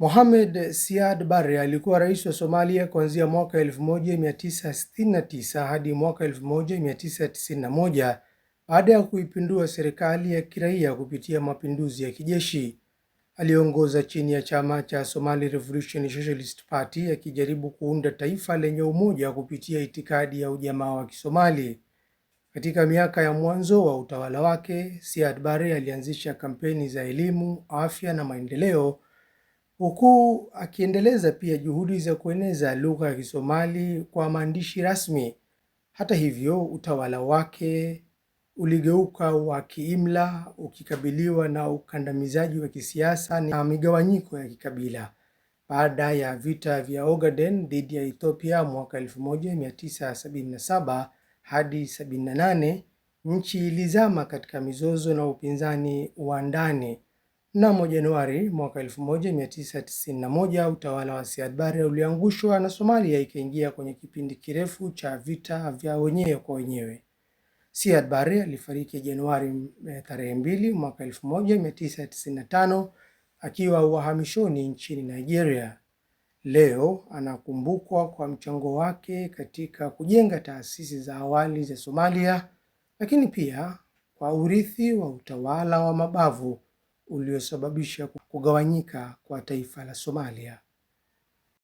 Mohamed Siad Barre alikuwa rais wa Somalia kuanzia mwaka 1969 hadi mwaka 1991 baada ya kuipindua serikali ya kiraia kupitia mapinduzi ya kijeshi. Aliongoza chini ya chama cha Somali Revolution Socialist Party akijaribu kuunda taifa lenye umoja kupitia itikadi ya ujamaa wa Kisomali. Katika miaka ya mwanzo wa utawala wake, Siad Barre alianzisha kampeni za elimu, afya na maendeleo huku akiendeleza pia juhudi za kueneza lugha ya Kisomali kwa maandishi rasmi. Hata hivyo, utawala wake uligeuka wa kiimla, ukikabiliwa na ukandamizaji wa kisiasa na migawanyiko ya kikabila. Baada ya vita vya Ogaden dhidi ya Ethiopia mwaka 1977 hadi 78, nchi ilizama katika mizozo na upinzani wa ndani. Mnamo Januari mwaka 1991 utawala wa Siad Barre uliangushwa na Somalia ikaingia kwenye kipindi kirefu cha vita vya wenyewe kwa wenyewe. Siad Barre alifariki Januari eh, tarehe 2 mwaka 1995 akiwa uhamishoni nchini Nigeria. Leo anakumbukwa kwa mchango wake katika kujenga taasisi za awali za Somalia, lakini pia kwa urithi wa utawala wa mabavu uliosababisha kugawanyika kwa taifa la Somalia.